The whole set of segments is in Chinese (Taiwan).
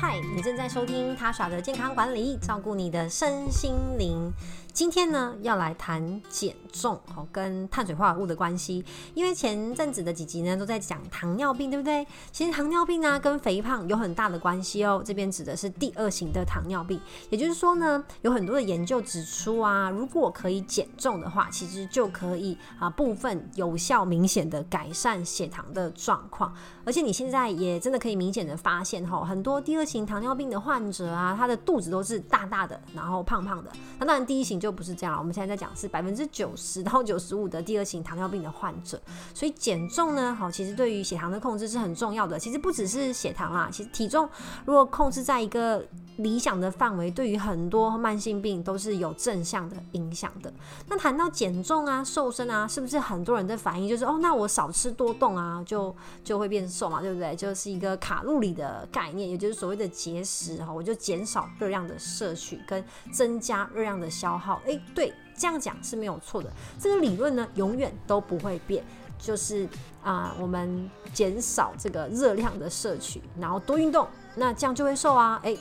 嗨，Hi, 你正在收聽 Tasha 的健康管理，照顧你的身心靈。今天呢，要來談減重，喔，跟碳水化合物的關係，因為前陣子的幾集呢，都在講糖尿病，對不對？其實糖尿病啊跟肥胖有很大的關係哦，喔。這邊指的是第二型的糖尿病，也就是說呢，有很多的研究指出啊，如果可以減重的話，其實就可以啊部分有效明顯的改善血糖的狀況。而且你現在也真的可以明顯的發現哈，喔，很多第二型糖尿病的患者啊，他的肚子都是大大的，然後胖胖的，那當然第一型就。又不是這樣，我們現在在講是百分之九十到九十五的第二型糖尿病的患者，所以減重呢，好，其實對於血糖的控制是很重要的。其實不只是血糖啊，其實體重如果控制在一個理想的範圍，對於很多慢性病都是有正向的影響的。那談到減重啊、瘦身啊，是不是很多人的反應就是哦，那我少吃多動啊，就就會變瘦嘛，對不對？就是一個卡路里的概念，也就是所謂的節食哈，我就減少熱量的攝取跟增加熱量的消耗。哎、欸，對，這樣講是沒有錯的。這個理論呢，永遠都不會變，就是啊、呃，我們減少這個熱量的攝取，然後多運動，那這樣就會瘦啊。哎、欸，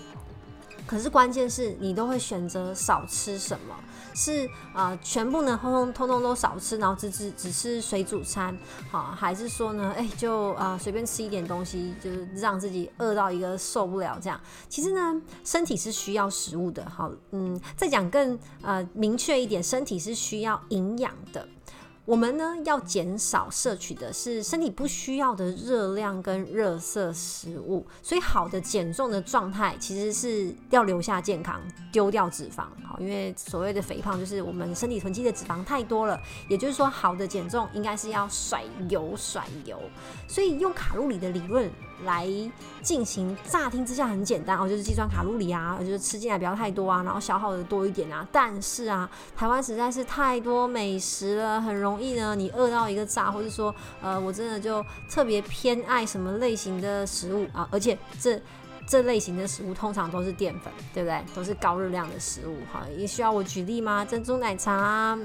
可是關鍵是你都會選擇少吃什麼。是啊，全部呢，通通通通都少吃，然後只只只，只吃水煮餐，好，還是說呢，哎、欸，就啊、呃、隨便吃一點東西，就是讓自己餓到一個受不了這樣。其實呢，身體是需要食物的，好，嗯，再講更呃明確一點，身體是需要營養的。我們呢，要減少攝取的是身體不需要的熱量跟熱色食物，所以好的減重的狀態其實是要留下健康，丟掉脂肪。好，因為所謂的肥胖就是我們身體囤積的脂肪太多了，也就是說，好的減重應該是要甩油甩油，所以用卡路里的理論來進行，乍聽之下很簡單哦，就是計算卡路里啊，就是吃進來不要太多啊，然後消耗的多一點啊。但是啊，台灣實在是太多美食了，很容易呢，你餓到一個炸，或是說，呃，我真的就特別偏愛什麼類型的食物啊，而且這這類型的食物通常都是澱粉，對不對？都是高熱量的食物，哈、啊，也需要我舉例嗎？珍珠奶茶啊。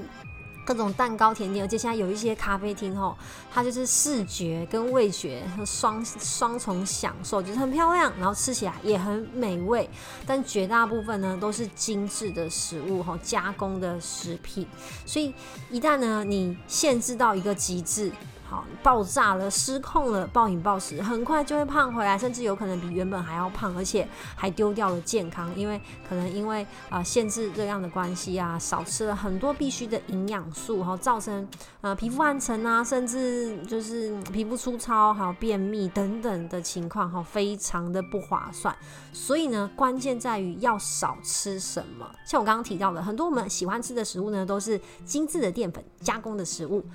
各種蛋糕、甜點，而且現在有一些咖啡廳吼，它就是視覺跟味覺雙雙重享受，就是很漂亮，然後吃起來也很美味。但絕大部分呢都是精緻的食物，加工的食品。所以一旦呢你限制到一個極致，哦、爆炸了，失控了，暴飲暴食，很快就會胖回來，甚至有可能比原本還要胖，而且還丟掉了健康，因為可能因為啊、呃、限制熱量的關係啊，少吃了很多必需的營養素，哈、哦，造成啊、呃、皮膚暗沉啊，甚至就是皮膚粗糙，還有便秘等等的情況，哈、哦，非常的不划算。所以呢，關鍵在於要少吃什麼。像我剛剛提到的，很多我們喜歡吃的食物呢，都是精緻的澱粉加工的食物。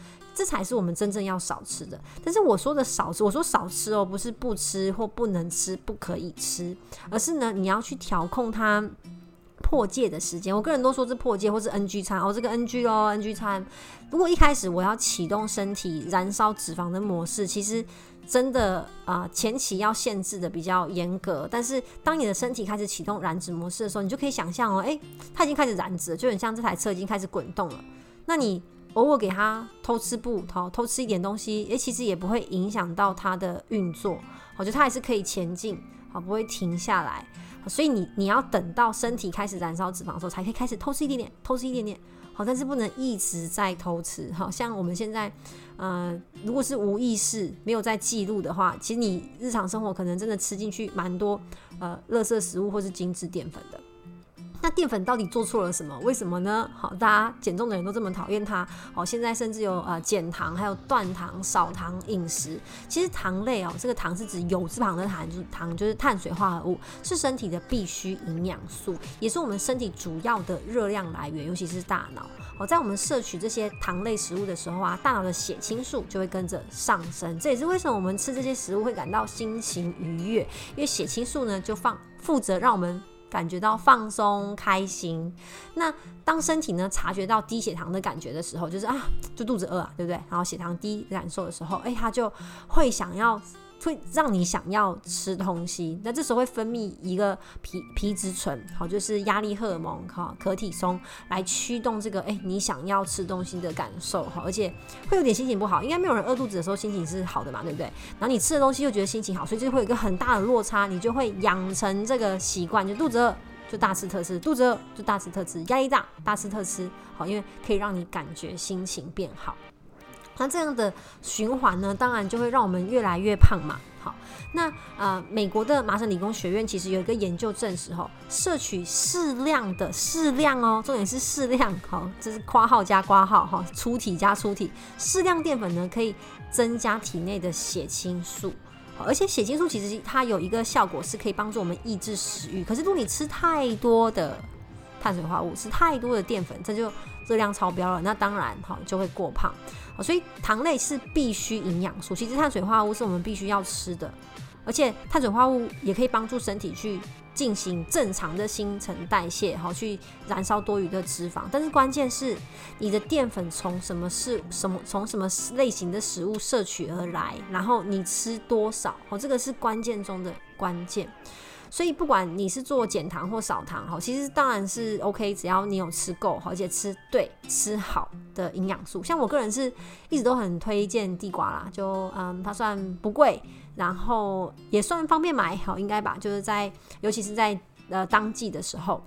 這才是我們真正要少吃的。但是我說的少吃，我說少吃哦，不是不吃或不能吃，不可以吃，而是呢，你要去調控它破戒的時間。我個人都說是破戒或是 NG 餐哦，這個 NG 嘍 NG 餐。如果一開始我要啟動身體燃燒脂肪的模式，其實真的啊，呃，前期要限制的比較嚴格。但是當你的身體開始啟動燃脂模式的時候，你就可以想象哦，哎，它已經開始燃脂了，就很像這台車已經開始滾動了。那你。偶爾給他偷吃不，好，偷吃一點東西，哎、欸，其實也不會影響到它的運作，我覺得它還是可以前進，好，不會停下來。所以你你要等到身體開始燃燒脂肪的時候，才可以開始偷吃一點點，偷吃一點點，好，但是不能一直在偷吃，好像我們現在，呃，如果是無意識沒有在記錄的話，其實你日常生活可能真的吃進去蠻多呃垃圾食物或是精緻澱粉的。那澱粉到底做錯了什麼？為什麼呢？好，大家減重的人都這麼討厭它。好、哦，現在甚至有呃減糖、還有斷糖、少糖飲食。其實糖類哦，這個糖是指“有”字旁的糖，就是糖，就是碳水化合物，是身體的必需營養素，也是我們身體主要的熱量來源，尤其是大腦。好、哦，在我們攝取這些糖類食物的時候啊，大腦的血清素就會跟着上升。這也是為什麼我們吃這些食物會感到心情愉悅，因為血清素呢，就放負責讓我們。感覺到放鬆、開心。那當身體呢，察覺到低血糖的感覺的時候，就是啊，就肚子餓啊，對不對？然後血糖低感受的時候，哎、欸，他就會想要。會讓你想要吃東西，那這時候會分泌一個皮皮質醇，好，就是壓力荷爾蒙，好，可體松來驅動這個，哎、欸、你想要吃東西的感受，好，而且會有點心情不好，應該沒有人餓肚子的時候心情是好的嘛，對不對？然後你吃的東西又覺得心情好，所以就會有一個很大的落差，你就會養成這個習慣，就肚子餓就大吃特吃，肚子餓就大吃特吃，壓力大大吃特吃，好，因為可以讓你感覺心情變好。那這樣的循環呢，當然就會讓我們越來越胖嘛。好，那、呃、美國的麻省理工學院其實有一個研究證實，吼、哦，攝取適量的適量哦，重點是適量，好、哦，這是括號加括號哈、哦，粗體加粗體，適量澱粉呢可以增加體內的血清素，而且血清素其實它有一個效果，是可以幫助我們抑制食慾。可是如果你吃太多的碳水化合物是太多的澱粉，這就熱量超標了。那當然哈就會過胖，所以糖類是必需營養素。其實碳水化合物是我們必須要吃的，而且碳水化合物也可以幫助身體去進行正常的新陳代謝，好去燃燒多餘的脂肪。但是關鍵是你的澱粉從什麼是什麼從什麼類型的食物攝取而來，然後你吃多少，哦，這個是關鍵中的關鍵。所以不管你是做減糖或少糖，好，其實當然是 OK，只要你有吃夠，而且吃對、吃好的營養素。像我個人是一直都很推薦地瓜啦，就嗯，它算不貴，然後也算方便買，好，應該吧，就是在尤其是在呃當季的時候。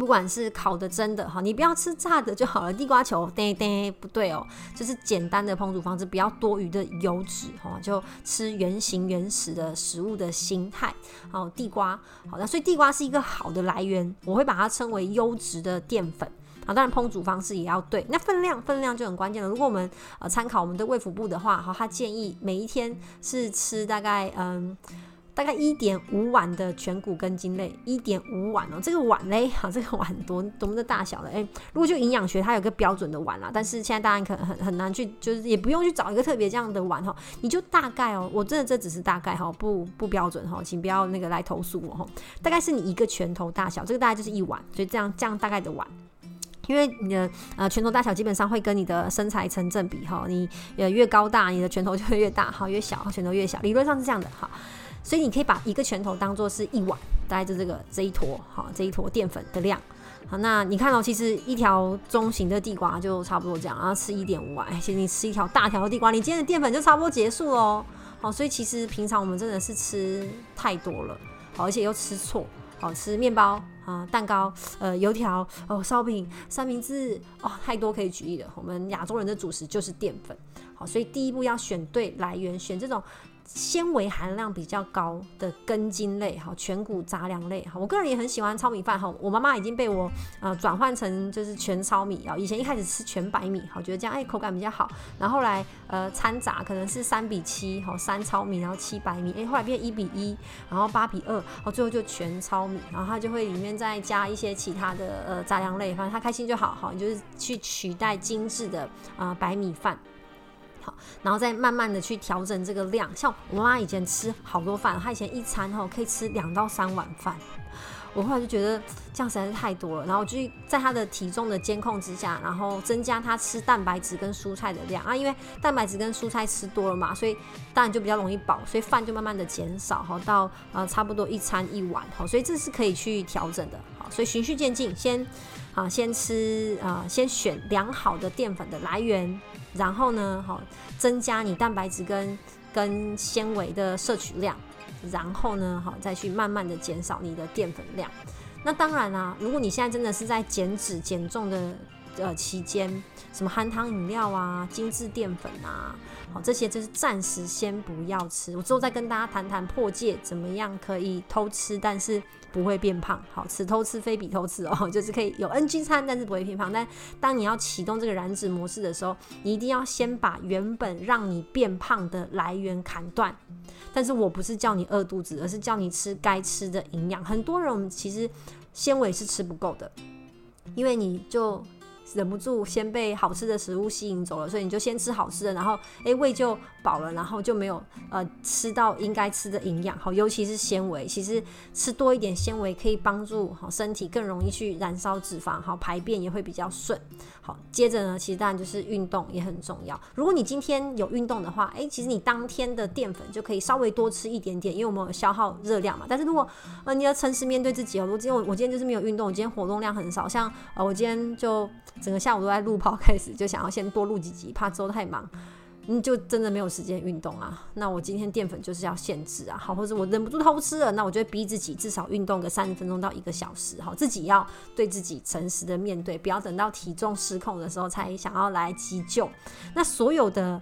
不管是烤的、蒸的，哈，你不要吃炸的就好了。地瓜球，對對，不對哦，就是簡單的烹煮方式，不要多餘的油脂，哈，就吃原型原始的食物的形態。好，地瓜，好，那所以地瓜是一個好的來源，我會把它稱為優質的澱粉。啊，當然烹煮方式也要對，那分量分量就很關鍵了。如果我們參考我們的衛福部的話，哈，他建議每一天是吃大概嗯。大概一點五碗的全穀根莖類，一點五碗哦、喔，這個碗嘞？好，這個碗多多麼的大小了？哎、欸，如果就營養學，它有一個標準的碗啦，但是現在大家可能很很難去，就是也不用去找一個特別這樣的碗哈，你就大概哦、喔，我真的這只是大概哈，不不標準哈，請不要那個來投訴我哈。大概是你一個拳頭大小，這個大概就是一碗，所以這樣這樣大概的碗，因為你的呃拳頭大小基本上會跟你的身材成正比哈，你呃越高大，你的拳頭就會越大，好，越小拳頭越小，理論上是這樣的哈。所以你可以把一個拳頭當做是一碗，大概就這個這一坨哈，這一坨澱粉的量。好，那你看哦、喔，其實一條中型的地瓜就差不多這樣，然後吃一點五碗，其實你吃一條大條的地瓜，你今天的澱粉就差不多結束哦。好，所以其實平常我們真的是吃太多了，好，而且又吃錯，好吃麵包啊、蛋糕、呃、油條、哦、燒餅、三明治，哦，太多可以舉例了。我們亞洲人的主食就是澱粉，好，所以第一步要選對來源，選這種。纖維含量比較高的根莖類哈，全谷雜糧類哈，我個人也很喜歡糙米飯哈。我媽媽已經被我呃轉換成就是全糙米啊。以前一開始吃全白米哈，覺得這樣、欸、口感比較好，然後後來呃摻雜可能是三比七哈，三糙米然後七白米，哎、欸、後來變一比一，然後八比二，然後最後就全糙米，然後它就會裡面再加一些其他的呃雜糧類，反正他開心就好。好，你就是去取代精致的啊、呃、白米飯。好，然後再慢慢的去調整這個量。像我媽以前吃好多飯，她以前一餐吼可以吃兩到三碗飯，我後來就覺得這樣實在是太多了，然後我就在她的體重的監控之下，然後增加她吃蛋白質跟蔬菜的量啊，因為蛋白質跟蔬菜吃多了嘛，所以當然就比較容易飽，所以飯就慢慢的減少好，到呃差不多一餐一碗好，所以這是可以去調整的，好，所以循序漸進，先啊先吃啊先選良好的澱粉的來源。然後呢，好、哦、增加你蛋白質跟跟纖維的攝取量，然後呢，好、哦、再去慢慢的減少你的澱粉量。那當然啊，如果你現在真的是在減脂減重的呃期間，什麼含糖飲料啊，精緻澱粉啊。好，這些就是暫時先不要吃。我之後再跟大家談談破戒怎麼樣可以偷吃，但是不會變胖。好，此偷吃非彼偷吃哦，就是可以有 NG 餐，但是不會變胖。但當你要啟動這個燃脂模式的時候，你一定要先把原本讓你變胖的來源砍斷。但是我不是叫你餓肚子，而是叫你吃該吃的營養。很多人我們其實纖維是吃不夠的，因為你就。忍不住先被好吃的食物吸引走了，所以你就先吃好吃的，然後哎、欸、胃就飽了，然後就沒有呃吃到應該吃的營養。好，尤其是纖維，其實吃多一點纖維可以幫助好身體更容易去燃燒脂肪，好，排便也會比較順。好，接着呢，其實當然就是運動也很重要。如果你今天有運動的話，哎、欸，其實你當天的澱粉就可以稍微多吃一點點，因為我們有消耗熱量嘛。但是如果呃你要誠實面對自己哦，如果今天我今天就是沒有運動，我今天活動量很少，像呃我今天就。整個下午都在錄跑。開始就想要先多錄幾集，怕周太忙，嗯，就真的沒有時間運動啊。那我今天澱粉就是要限制啊，好，或者我忍不住偷吃了，那我就會逼自己至少運動個三十分鐘到一個小時，好，自己要對自己誠實的面對，不要等到體重失控的時候才想要來急救。那所有的。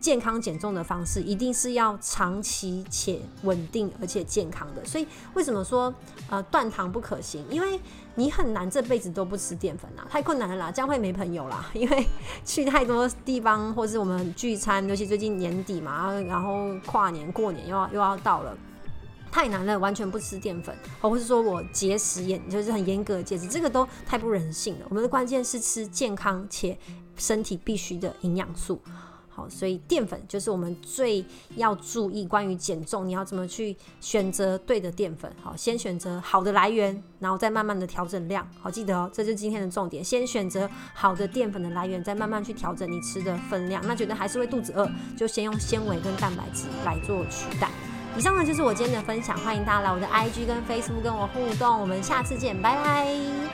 健康減重的方式一定是要長期且穩定而且健康的，所以為什麼說呃斷糖不可行？因為你很難這輩子都不吃澱粉啦，太困難了啦，將會沒朋友啦。因為去太多地方，或是我們聚餐，尤其最近年底嘛，然後跨年過年又要又要到了，太難了，完全不吃澱粉，或是說我節食也就是很嚴格的節食，這個都太不人性了。我們的關鍵是吃健康且身體必需的營養素。所以澱粉就是我們最要注意關於減重，你要怎麼去選擇對的澱粉？好，先選擇好的來源，然後再慢慢的調整量。好，記得哦,這就是今天的重點，先選擇好的澱粉的來源，再慢慢去調整你吃的分量。那覺得還是會肚子餓，就先用纖維跟蛋白質來做取代。以上呢，就是我今天的分享，歡迎大家來我的 IG 跟 Facebook 跟我互動，我們下次見，拜拜。